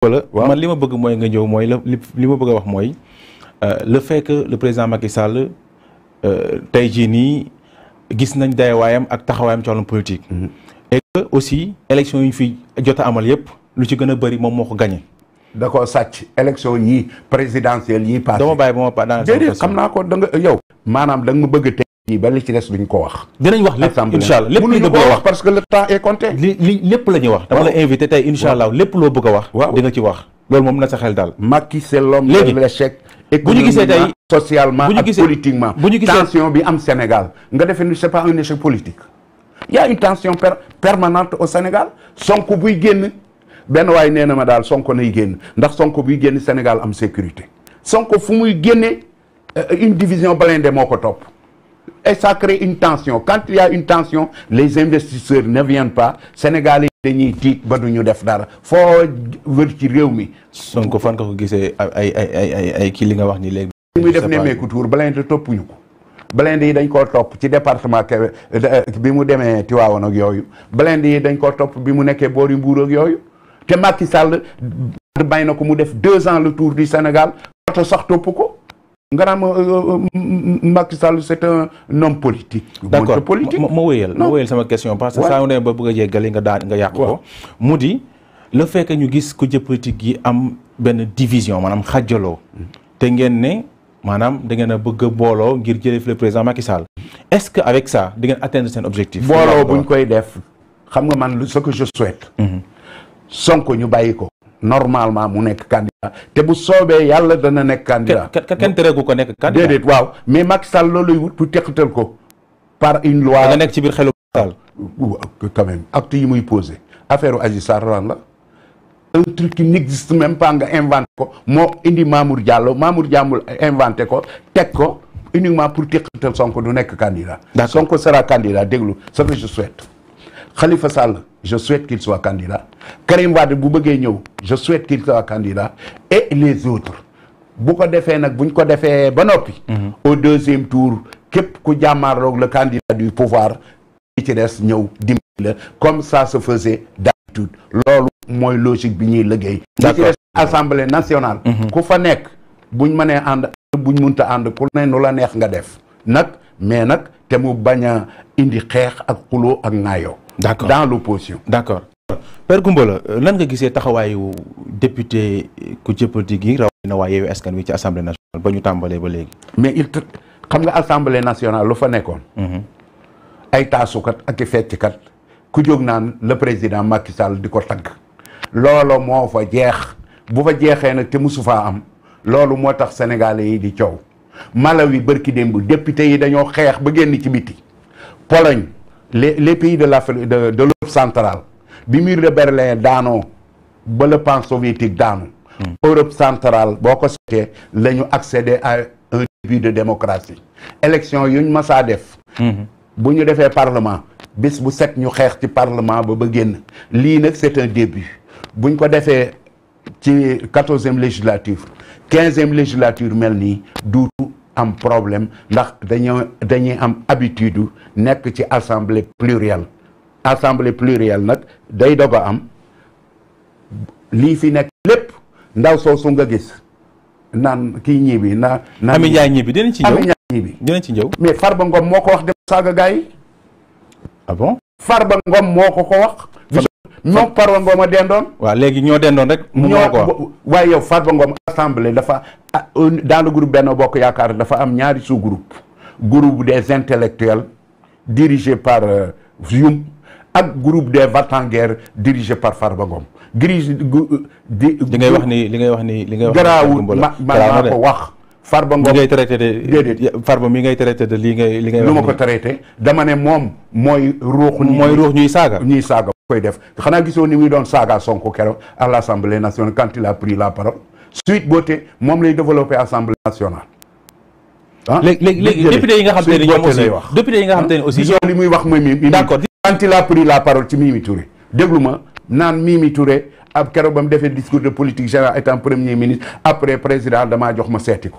wala man li ma bëgg mooy nga ñëw mooy la li ma bëgg a wax mooy euh, le fekk que le président Macky Sall euh, tey jii nii gis nañ dayawaayam ak taxawaayam ci wàllum politique. Mm-hmm. aussi élection yi ñu fi jot a amal yëpp lu ci gën a bëri moom moo ko gagné. da koo sàcc élection yii présidentielle yii passé. dama bàyyi ba ma pa xam naa ko da nga yow. maanaam da nga ma bëgg kii ba li ci des duñ ko wax. dinañ wax lépp incha allah lépp li nga bëgg a wax parce que le temps est compté. li li lépp la ñuy wax. dama la invité tey incha allah lépp loo bëgg a wax. waaw di nga ci wax loolu moom na sa xel daal. Macky c'est l'homme de l'échec. bu ñu gisee tey socialement ak politiquement bu ñu gisee tension bi am Sénégal nga defee ni c'est pas un échec politique. y a une tension per permanente au Sénégal Sonko buy génn benn waay nee na ma daal Sonko nay génn ndax Sonko buy génn Sénégal am sécurité Sonko fu muy génnee euh, une division blindée moo ko topp. et ça crée une tension quand il y une tension les investisseurs ne viennent pas Sénégalais dañuy tiit ba ñu def dara foo wër ci réew mi. Sonko fan nga ko gisee ay ay ay ay kii li nga wax ni léegi. muy def nemmeeku tuur blindé toppuñu ko. blindé yi dañ koo topp ci département Kébé euh, bi mu demee Tivaouane ak yooyu blindé yi dañ koo topp bi mu nekkee boori Mbuur ak yooyu te Macky Sall bay na ko mu def deux ans le tour du Sénégal oto sax topp ko. nga naan ma Sall c'est un homme politique. d'accord politique ma wéyal ma wéyal sama question. parce que saa yu ne ba bëgg a yeggali nga daan nga yàq ko. mu di le fait ñu gis kujje politique yi am benn division maanaam xàjjaloo. te ngeen ne maanaam da ngeen a bëgg a booloo ngir jëlee fi le président Macky Sall. est-ce que avec ça di ngeen atteindre seen objectif. bu ñu koy def xam nga man lu ce que je souhaite. Mhm. Sonko ñu bàyyi ko. normalement mu nekk candidat te bu soobee yàlla dana nekk candidat kenn tereegu ko nekk candidat waaw mais Macky Sall looluy wut pour teqatal ko par une loi nga nekk ci biir xelu Sall quand même yi muy posé affaire u Adji Sarr lan la un truc n'existe même pas nga inventé ko moo indi Mamour Diallo Mamour Diallo inventé ko teg ko uniquement pour teqatal Sonko du nekk candidat Sonko sera candidat déglu ce que je souhaite Khalifa Sall je souhaite qu'il soit candidat Karim Wade bu bëggee ñëw je souhaite qu'il soit candidat et les autres bu ko defee nag buñ ko defee ba noppi mhm. au deuxième tour képp ku jàmmaarloog le candidat du pouvoir li ci des ñëw dimbali la comme ça se faisait d'habitude loolu mooy logique bi ñuy liggéey li ci assemblée nationale mhm. ku fa nekk buñ mënee ànd buñ munta ànd ku ne nu la neex nga def nag mais nag te mu bañ indi xeex ak xuloo ak ŋaayoo. d'accord dans l'opposition. d'accord Père Goumbala lan nga gisee taxawaayu député ku politique yi rawatina waa Yewwi Askan Wi ci assemblée nationale ba ñu tàmbalee ba léegi. mais il xam nga assemblée nationale lu fa nekkoon. Mhm. ay taasukat ak i ku jóg naan le président Macky Sall di ko tagg. loolu moo fa jeex bu fa jeexee nag te musu faa am loolu moo tax sénégalais yi di coow. Malawi bërki démb député yi dañoo xeex ba génn ci biti Pologne les le pays de la l'Afrique de l'Europe centrale bi mur le Berlin daanoo ba le pan soviétique daanu hmm. Europe centrale boo ko seetee la ñu accéder à un début de démocratie élection yuñ masaa def hmm. bu ñu defee parlement bis bu set ñu xeex ci parlement ba ba génn lii nag c'est un début buñ ko defee ci quatorzième législature quinzième législature mel nii duutu am problème ndax dañoo dañuy am habitude nekk ci assemblée plurielle assemblée plurielle nag day doog a am lii fi nekk lépp ndaw soosu nga gis naan kii ñibi naa naan Amy Ndiaye ñibi dinañ ci ñëw Amy Ndiaye ñibi dinañ ci ñëw mais Farba moo ko wax dem saaga gars yi ah bon moo ko ko wax non Farba Ngom a dendoon. waa léegi ñoo dendoon rek. mu ñoo ko waaye yow Farba Ngom dafa ah, dans le groupe Benno Bokk Yaakaar dafa am ñaari sous groupe groupe des intellectuels dirigé par euh, Youm groupe des va t par Farba Ngom grise euh, euh, di. li ngay wax ni li ngay wax ni li ngay wax ni. garaawul ma ko wax. Farba Ngom mi ngay traité de Farba mi ngay traité de lii ngay li ngay. lu ma ko traité dama ne moom mooy ruux. mooy ruux ñuy saaga ñuy saaga. koy def xanaa gisoo ni muy doon saaga Sonko keroog à l' nationale quand il a pris la parole Sweet Beauté moom lay développé assemblée nationale. ah yi nga xam te nga xam te ne aussi. Ah, li muy wax mooy Mimi. d' accord quand il a la parole ci Mimi Touré déglu ma naan Mimi Touré ab keroog ba mu defee discours de politique générale étant premier ministre après président damaa jox ma seeti ko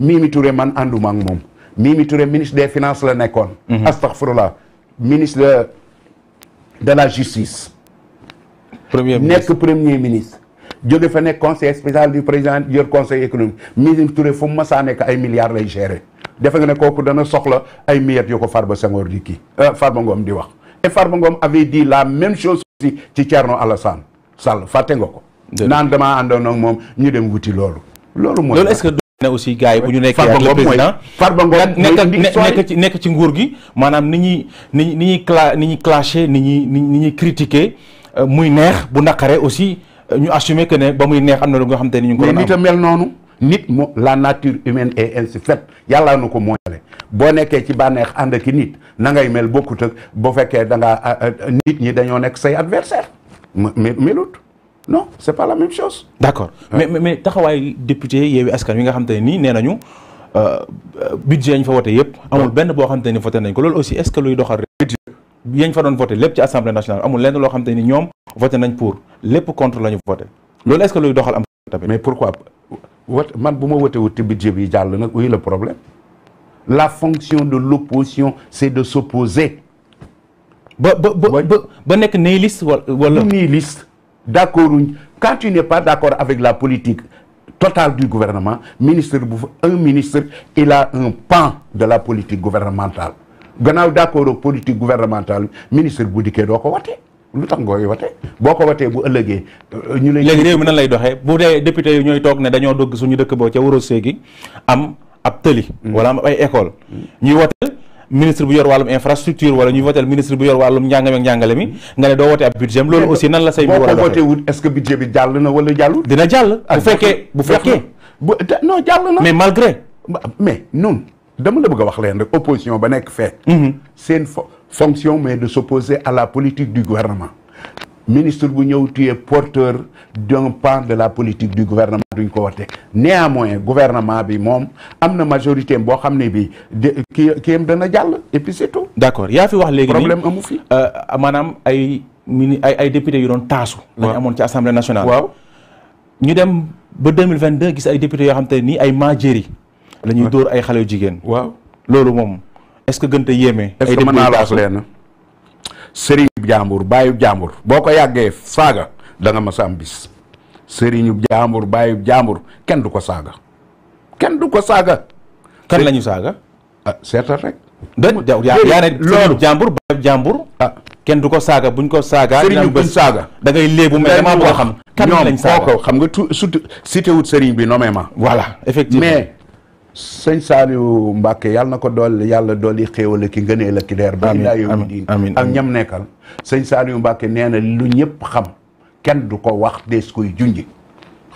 Mimi Touré man ànduma moom Mimi Touré ministre la nekkoon. Mhm. astafurlah ministre. de la justice. premier ministre nekk premier ministre. jóge fa nekk conseil spécial du président yor conseil économique Mimi Touré fu mu saa nekk ay milliards lay gérer defe nga ne kooku dana soxla ay milliards yu ko far ba Senghor di kii euh, Farba ngoom di wax. et Farba ngoom avait di la même chose aussi ci Thierno Alassane Sall fàtte nga ko. naan damaa àndoon ak moom ñu dem wuti loolu. loolu mooy ne aussi gars yi bu ñu nekkee ak le président nekk ci nekk ci nguur gi maanaam ni ñuy ni ni ñuy cla ni ñuy clasher ni ñuy ni ñuy critiquer euh, muy neex bu naqaree aussi euh, ñu assumer que ne ba muy neex am na lu nga xam te ñu ngi ko nit noonu nit moo la nature humaine est ainsi na ko mooyale boo nekkee ci bànneex ànd ak nit na mel bokkut ak fekkee da ngaa euh, nit ñi dañoo nekk say adversaire melut non c' pas la même chose. d' mais mais taxawaay député Yewwi Askan Wi nga xam ne nii nee nañu euh, euh, budget yañ fa wote yëpp. amul benn boo xam te ne voté nañ ko loolu aussi est ce que luy doxal budget yañ fa doon voté lépp ci assemblée nationale amul lenn loo xam te ni ñoom voté nañ pour lépp contre la ñu loolu est luy doxal am tamit. mais pourquoi man bu ma wote wut budget bi jàll nag oui le problème la fonction de l' opposition c' est de s'opposer ba ba ba ba nekk nihiliste wala. nihiliste. d'accord quand tu n'es pas d'accord avec la politique totale du gouvernement ministre bu un ministre il a un pan de la politique gouvernementale gannaaw d'accord politique gouvernementale ministre bu dikkee doo ko watee lu tax ngooy wate boo ko watee bu ëllëgee euh, ñu lay léegi réew mi nan lay doxee bu dee député yi ñooy toog ne dañoo dëgg suñu dëkk boo ca waro seegi am ab tëli mm. wala am ay école ñuy wate ministre bu yor wàllum infrastructure wala ñuy voté ministre bu yor wàllum njàngame ak njàngale mi nga ne doo wote ab budget am loolu aussi nan la say mbir war a voté wut est-ce que budget bi jàll na wala jàllul dina jàll ah, bu fekkee bu fekkee bu non jàll na mais malgré mais non dama la bëgg a wax leen rek opposition ba nekk fee mhm. seen fonction mais de s'opposer à la politique du gouvernement ministre bu ñëw tu porteur d'un part de la politique du gouvernement duñ ko wate néanmoins gouvernement bi moom am na majorité boo xam ne bi ki kiyam dana jàll et puis d'accord yaa fi wax léegi problème amu fi euh, maanaam ay mini ay ay député yu doon taasu lañ amoon ci assemblée nationale waaw ñu dem ba 2022 gis ay député yoo xam te nii ay maajéri la ñuy dóor ay xale yu jigéen waaw loolu moom est-ce que gën te yéeme est-ce que mën naa la wax leen sëriñub jaambur bàyyub jàmbur boo ko yàggee saaga danga nga mas a am bis sëriñub jaambur bàyyub jàmbur kenn du ko saaga kenn du ko saaga kan lañu saaga ah seetal rek yaa ne loolu jàmbur bàyyub jàmbur ah kenn du ko saaga buñ ko saaga sëriñ buñ saaga da ngay léebu mais damaa boo xam kan lañ saaga ñoom ko xam nga tu surtout cité wut sëriñ bi ma voilà effectivement sëñ Saliou Mbacke yàlla na ko dool yàlla dooli xéewal ki ngëneel ak ki leer ba ilaa yawmi diin ak ñam nekkal sëñ Saliou Mbacke nee na lu ñëpp xam kenn du ko wax des koy junji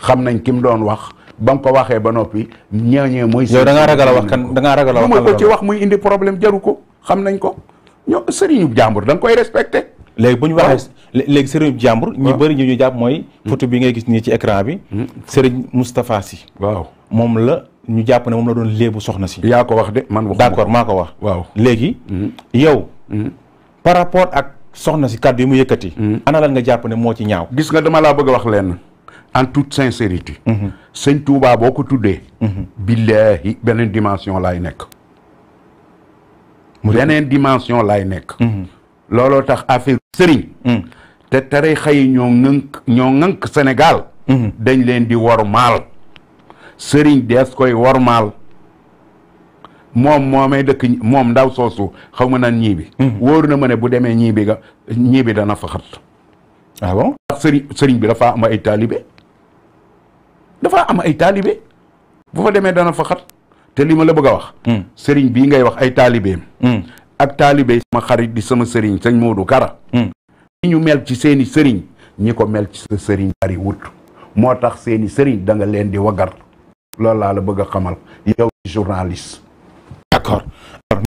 xam nañ ki mu doon wax ba nga ko waxee ba noppi ñooñee mooy yow da ngaa wax kan da ngaa ragal ma ci wax muy indi problème jaru ko xam nañ ko ñoo sëriñu jàmbur da koy respecté léegi bu ñu waxee ah. léegi sëriñu jàmbur ñu ah. bari ñu ñu jàpp mooy hmm. photo bi ngay gis nii ci écran bi hmm. sëriñ Moustapha Sy waaw moom la ñu jàpp ne moom la doon léebu soxna si. yaa ko wax de man wax d'accord maa ko wax. waaw léegi. Mm-hmm. yow. Mm-hmm. par rapport ak soxna si kàddu yi mu yëkkati. Mm-hmm. ana lan nga jàpp ne moo ci ñaaw. gis nga dama laa bëgg a wax leen en toute sincérité. sëñ Touba boo ko tuddee. billaahi beneen dimension laay nekk. beneen dimension laay nekk. looloo tax affaire sëriñ. Mm. te tere xëy ñoo ŋënk ñoo ŋënk Sénégal. dañ leen di war maal. sëriñ des koy wormaal moom moomay dëkk moom ndaw soosu xaw ma naan ñii bi hmm. wóor na ma ne bu demee ñii bi ga ñii bi dana faxat ah sëriñ bi dafa am ay taalibe dafa am ay taalibe bu fa demee dana faxat te li ma la bëgg a wax hmm. sëriñ bii ngay wax ay taalibeem hmm. ak taalibe sama xarit di sama sëriñ sëñ Modou Kara ñi ñu mel ci seeni sëriñ ñi ko mel ci sa sëriñ bari wut moo tax seeni sëriñ danga leen di wagar loolu laa la bëgg a xamal yow journaliste. d'accord